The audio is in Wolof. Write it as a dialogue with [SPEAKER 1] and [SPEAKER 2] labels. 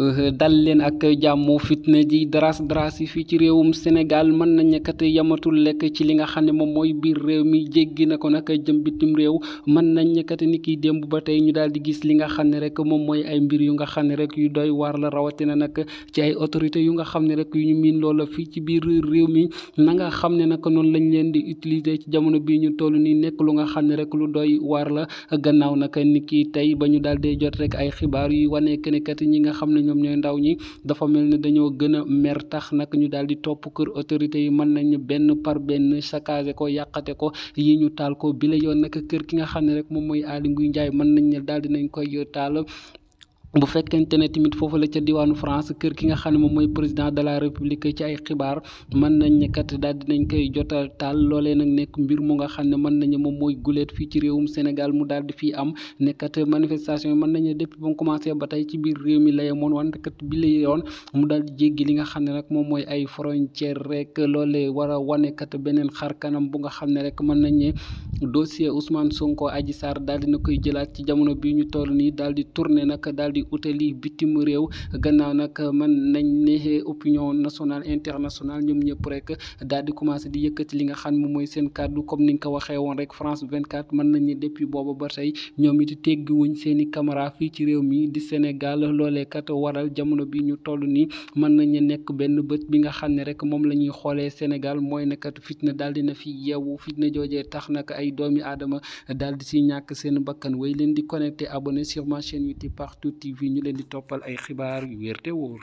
[SPEAKER 1] Eh, dal leen ak jàmmu fitna ji daras daras yi fii ci réewum Sénégal mën nañ kat yamatul lekk ci li nga xam ne moom mooy biir réew mi jéggi na ko nag jëm bitim réew mën nañ kat ni kiy démb ba tey ñu daal di gis li nga xam ne rek moom mooy ay mbir yu nga xam ne rek yu doy waar la rawatina nag ci ay autorités yu nga xam ne rek yu ñu miin loola fii ci biir réew mi na nga xam ne nag noonu lañ leen di utiliser ci jamono bii ñu toll nii nekk lu nga xam ne rek lu doy waar la gannaaw nag ni ki tey ba ñu daal jot rek ay xibaar yu wane ne ñi nga xam ne ñoom ñooy ndaw ñi dafa mel ni dañoo gën a mer tax nag ñu daal di topp kër autorité yi mën nañ benn par benn saccagé ko yàqate ko yi ñu taal ko bi la yoon nag kër ki nga xam ne rek moom mooy Aly Ngouille Ndiaye mën nañ ne daal di nañ koy taal bu fekkente ne tamit foofu la ca diwaanu France kër ki nga xam ne moom mooy président de la république ci ay xibaar mën nañ ne kat daal dinañ koy jotal taal loolee nag nekk mbir mu nga xam ne mën nañu moom mooy guleet fii ci réewum Sénégal mu daal di fii am ne manifestation yi mën nañu depuis ba mu commencé ba tey ci biir réew mi la yemoon wante kat bi la yoon mu daal di jéggi li nga xam ne nag moom mooy ay frontière rek loolee war a wane kat beneen xar kanam bu nga xam ne rek mën nañ ne dossier Sonko Adji Sarr daal dina koy jëlaat ci jamono bi ñu toll nii daal di tourné nag daal di utali bitim réew gannaaw nag mën nañ ne opinion nationale internationale ñoom ñëpp rek daal di commencé di yëkkati li nga xam moom mooy seen kàddu comme ni nga ko waxee woon rek France 24 mën nañ ne depuis booba ba tey ñoom it teggi wuñ seen i caméra fii ci réew mii di Sénégal loolee kat waral jamono bi ñu toll nii mën nañ nekk benn bët bi nga xam ne rek moom la ñuy xoolee Sénégal mooy ne kat fitna daal dina fi yeewu fitna joojee tax nag ay doomi aadama daal di si fii ñu leen di toppal ay xibaar yu wér wóor